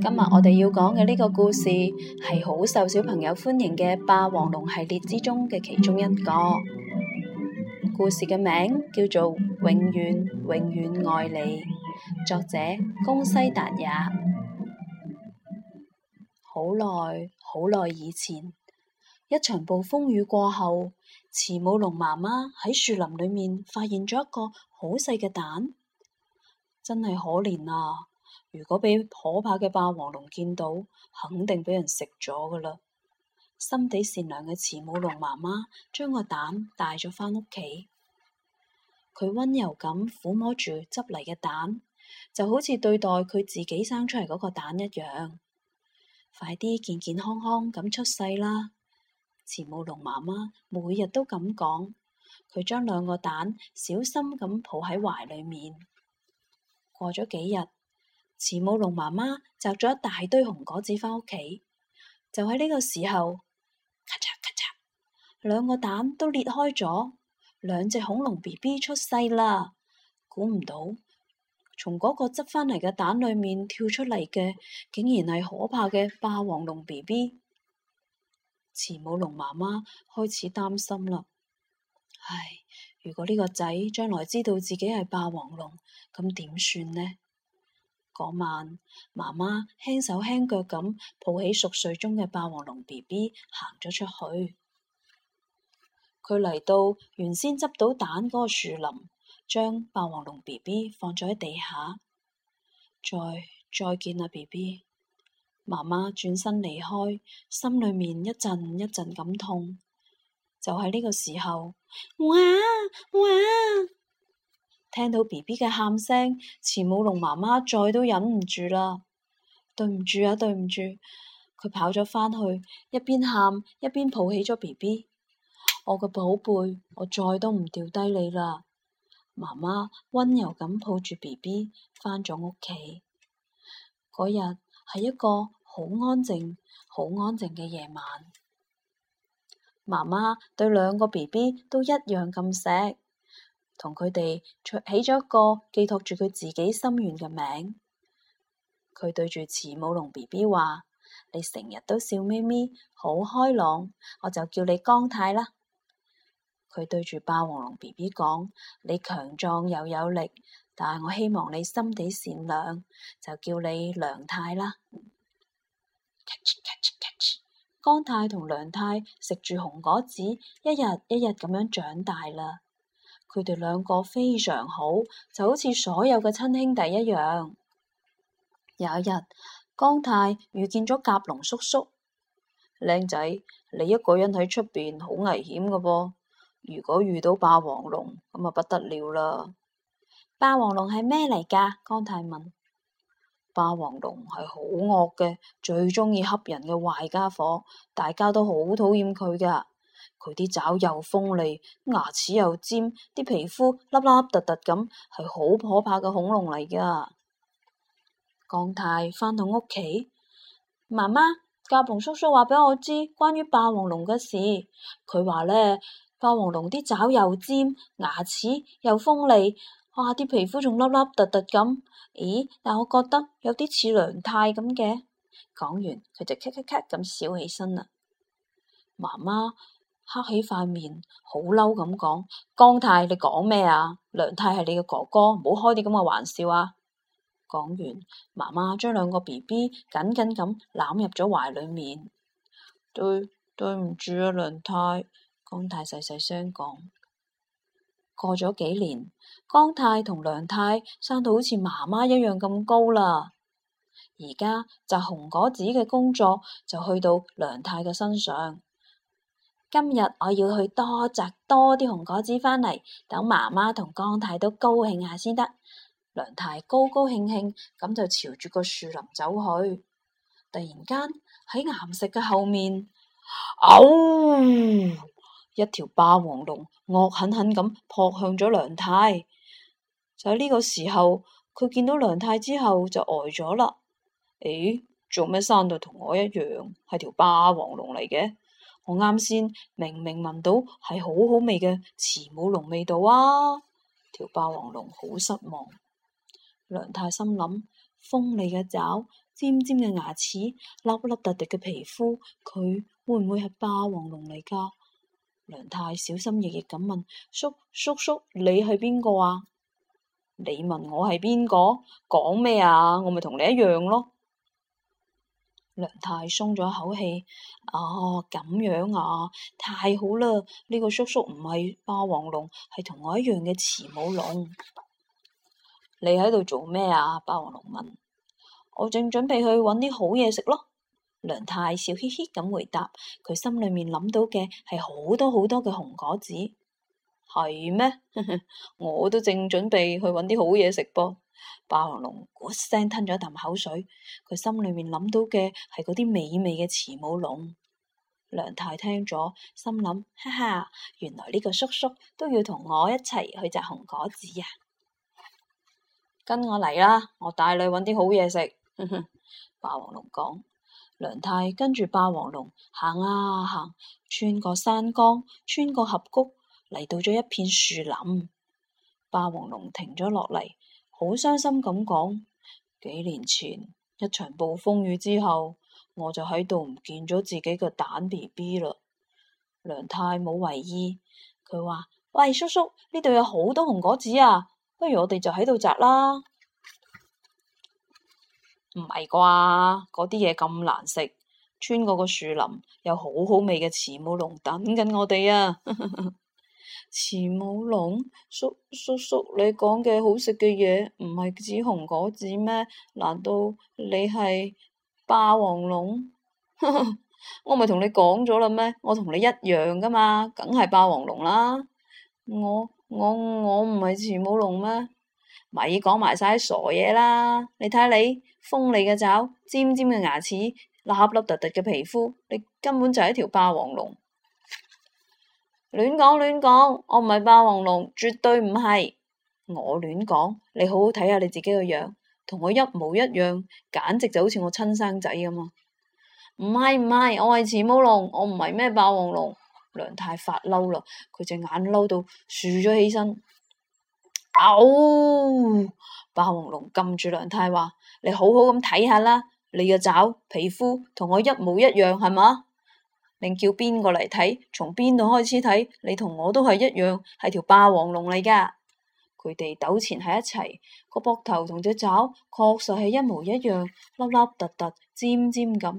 今日我哋要講嘅呢個故事係好受小朋友歡迎嘅霸王龍系列之中嘅其中一個。故事嘅名叫做《永遠永遠愛你》，作者宮西達也。好耐好耐以前，一場暴風雨過後，慈母龍媽媽喺樹林裏面發現咗一個好細嘅蛋，真係可憐啊！如果俾可怕嘅霸王龍見到，肯定俾人食咗㗎喇。心地善良嘅慈母龍媽媽將個蛋帶咗返屋企，佢溫柔咁撫摸住執嚟嘅蛋，就好似對待佢自己生出嚟嗰個蛋一樣。快啲健健康康咁出世啦！慈母龍媽媽每日都咁講，佢將兩個蛋小心咁抱喺懷裏面。過咗幾日。慈母龍媽媽摘咗一大堆紅果子返屋企，就喺呢個時候，咔嚓咔嚓，兩個蛋都裂開咗，兩隻恐龍 BB 出世啦。估唔到，從嗰個執返嚟嘅蛋裏面跳出嚟嘅，竟然係可怕嘅霸王龍 BB。慈母龍媽媽開始擔心啦。唉，如果呢個仔將來知道自己係霸王龍，咁點算呢？嗰晚，媽媽輕手輕腳咁抱起熟睡中嘅霸王龍 B B 行咗出去。佢嚟到原先執到蛋嗰個樹林，將霸王龍 B B 放咗喺地下。再再見啦，B B。媽媽轉身離開，心裏面一陣一陣咁痛。就喺呢個時候，哇哇！聽到 B B 嘅喊聲，慈母龍媽媽再都忍唔住啦。對唔住啊，對唔住，佢跑咗返去，一邊喊一邊抱起咗 B B。我個寶貝，我再都唔掉低你啦，媽媽溫柔咁抱住 B B，返咗屋企。嗰日係一個好安靜、好安靜嘅夜晚。媽媽對兩個 B B 都一樣咁錫。同佢哋起咗一個寄託住佢自己心願嘅名，佢對住慈母龍 B B 話：你成日都笑眯眯，好開朗，我就叫你江太啦。佢對住霸王龍 B B 講：你強壯又有力，但係我希望你心地善良，就叫你梁太啦。咔哧，咔哧，咔哧，咔哧，江太同梁太食住紅果子，一日一日咁樣長大啦。佢哋兩個非常好，就好似所有嘅親兄弟一樣。有一日，江太遇見咗甲龍叔叔。靚仔，你一個人喺出邊好危險噶噃，如果遇到霸王龍，咁啊不得了啦！霸王龍係咩嚟噶？江太問。霸王龍係好惡嘅，最中意恰人嘅壞家伙，大家都好討厭佢噶。佢啲爪又鋒利，牙齒又尖，啲皮膚粒粒突突咁，係好可怕嘅恐龍嚟噶。江太返到屋企，媽媽，教鵬叔叔話俾我知關於霸王龍嘅事。佢話呢，霸王龍啲爪又尖，牙齒又鋒利，哇！啲皮膚仲粒粒突突咁。咦？但我覺得有啲似梁太咁嘅。講完，佢就咳咳咳咁笑起身啦。媽媽黑起塊面，好嬲咁講：江太，你講咩啊？梁太係你嘅哥哥，唔好開啲咁嘅玩笑啊！講完，媽媽將兩個 B B 緊緊咁攬入咗懷裏面。對，對唔住啊，梁太！江太細細聲講。過咗幾年，江太同梁太生到好似媽媽一樣咁高啦。而家摘紅果子嘅工作就去到梁太嘅身上。今日我要去多摘多啲紅果子返嚟，等媽媽同江太都高興下先得。梁太高高興興咁就朝住個樹林走去。突然間喺岩石嘅後面，嗷！一條霸王龍惡狠狠咁撲向咗梁太。就喺呢個時候，佢見到梁太之後就呆咗啦。誒、哎，做咩生到同我一樣，係條霸王龍嚟嘅？我啱先明明聞到係好好味嘅慈母龍味道啊！條霸王龍好失望。梁太心諗，鋒利嘅爪、尖尖嘅牙齒、粒粒突突嘅皮膚，佢會唔會係霸王龍嚟㗎？梁太小心翼翼咁問：叔叔叔，你係邊個啊？你問我係邊個？講咩啊？我咪同你一樣咯。梁太鬆咗一口氣，哦、啊，咁樣啊，太好啦！呢個叔叔唔係霸王龍，係同我一樣嘅慈母龍。 你喺度做咩啊？霸王龍問。我正準備去揾啲好嘢食咯。梁太笑嘻嘻咁回答，佢心裏面諗到嘅係好多好多嘅紅果子。係咩？ 我都正準備去揾啲好嘢食噃。霸王龍嗰聲，吞咗一啖口水，佢心裏面諗到嘅係嗰啲美味嘅慈母龍。梁太聽咗，心諗：哈哈，原來呢個叔叔都要同我一齊去摘紅果子啊！跟我嚟啦，我帶你搵啲好嘢食。 霸王龍講，梁太跟住霸王龍行啊，啊行，穿過山崗，穿過峽谷，嚟到咗一片樹林。霸王龍停咗落嚟。好傷心咁講，幾年前一場暴風雨之後，我就喺度唔見咗自己嘅蛋 B B 啦。梁太冇為意，佢話：喂，叔叔，呢度有好多紅果子啊，不如我哋就喺度摘啦。唔係啩？嗰啲嘢咁難食，穿過個樹林，有好好味嘅慈母龍等緊我哋啊！ 慈母龍，叔叔叔，你講嘅好食嘅嘢唔係紫紅果子咩？難道你係霸王龍？ 我咪同你講咗啦咩？我同你一樣噶嘛，梗係霸王龍啦！我我我唔係慈母龍咩？咪講埋晒傻嘢啦！你睇你鋒利嘅爪、尖尖嘅牙齒、立立凸凸嘅皮膚，你根本就係一條霸王龍。亂講亂講，我唔係霸王龍，絕對唔係。我亂講？你好好睇下你自己個樣，同我一模一樣，簡直就好似我親生仔咁啊！唔係唔係，我係慈母龍，我唔係咩霸王龍。梁太發嬲啦，佢隻眼嬲到豎咗起身。哦，霸王龍撳住梁太話：你好好咁睇下啦，你個爪、皮膚同我一模一樣，係嘛？定叫邊個嚟睇？從邊度開始睇？你同我都係一樣，係條霸王龍嚟噶。佢哋糾纏喺一齊，個膊頭同隻爪確實係一模一樣，凹凹凸凸，尖尖咁。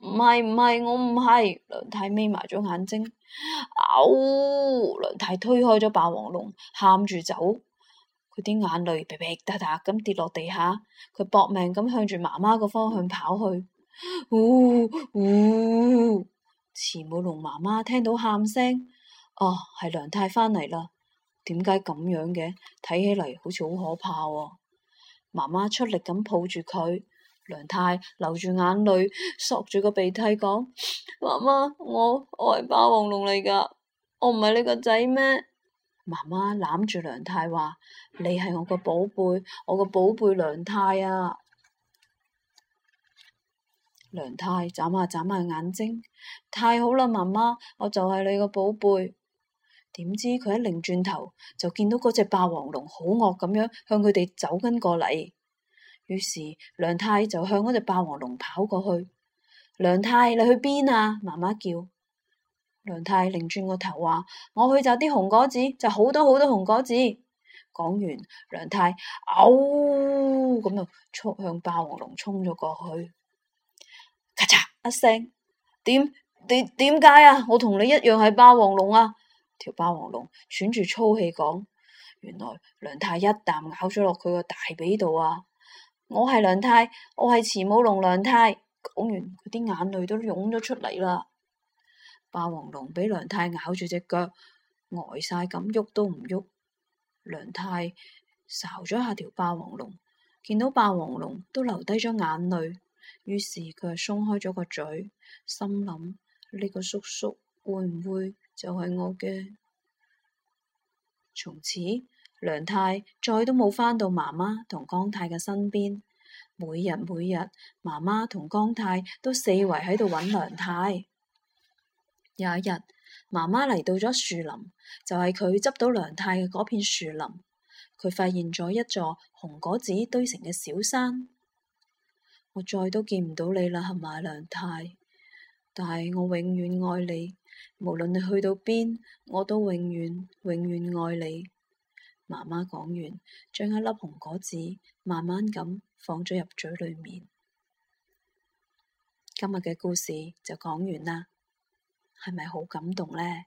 唔係唔係，我唔係。良太眯埋咗眼睛，嗷、啊哦！嗚！良太推開咗霸王龍，喊住走。佢啲眼淚劈劈嗒嗒咁跌落地下，佢搏命咁向住媽媽個方向跑去。嗚嗚！慈母龍媽媽聽到喊聲，哦，係梁太返嚟啦！點解咁樣嘅？睇起嚟好似好可怕喎！哦！媽媽出力咁抱住佢，梁太流住眼淚，索住個鼻涕講：媽媽，我我係霸王龍嚟㗎，我唔係你個仔咩？媽媽攬住梁太話：你係我個寶貝，我個寶貝梁太呀！啊！梁太眨下眨下眼睛，太好啦，媽媽，我就係你個寶貝。點知佢一擰轉頭，就見到嗰隻霸王龍好惡咁樣向佢哋走緊過嚟。於是梁太就向嗰隻霸王龍跑過去。梁太，你去邊啊？媽媽叫。梁太擰轉個頭話，我去摘啲紅果子，就好多好多紅果子。講完，梁太嗷咁就沖向霸王龍沖咗過去。咔嚓一聲，點點點解啊？我同你一樣係霸王龍啊！條霸王龍喘住粗氣講，原來梁太一啖咬咗落佢個大髀度啊！我係梁太，我係慈母龍梁太。講完，佢啲眼淚都湧咗出嚟啦。霸王龍俾梁太咬住隻腳，呆晒咁喐都唔喐。梁太睄咗下條霸王龍，見到霸王龍都流低咗眼淚。於是佢鬆開咗個嘴，心諗呢個叔叔會唔會就係我嘅？從此梁太再都冇返到媽媽同江太嘅身邊，每日每日媽媽同江太都四圍喺度揾梁太。有一日，媽媽嚟到咗樹林，就係佢執到梁太嘅嗰片樹林，佢發現咗一座紅果子堆成嘅小山。我再都見唔到你啦，係咪良太？但係我永遠愛你，無論你去到邊，我都永遠永遠愛你。媽媽講完，將一粒紅果子慢慢咁放咗入嘴裏面。今日嘅故事就講完啦，係咪好感動咧？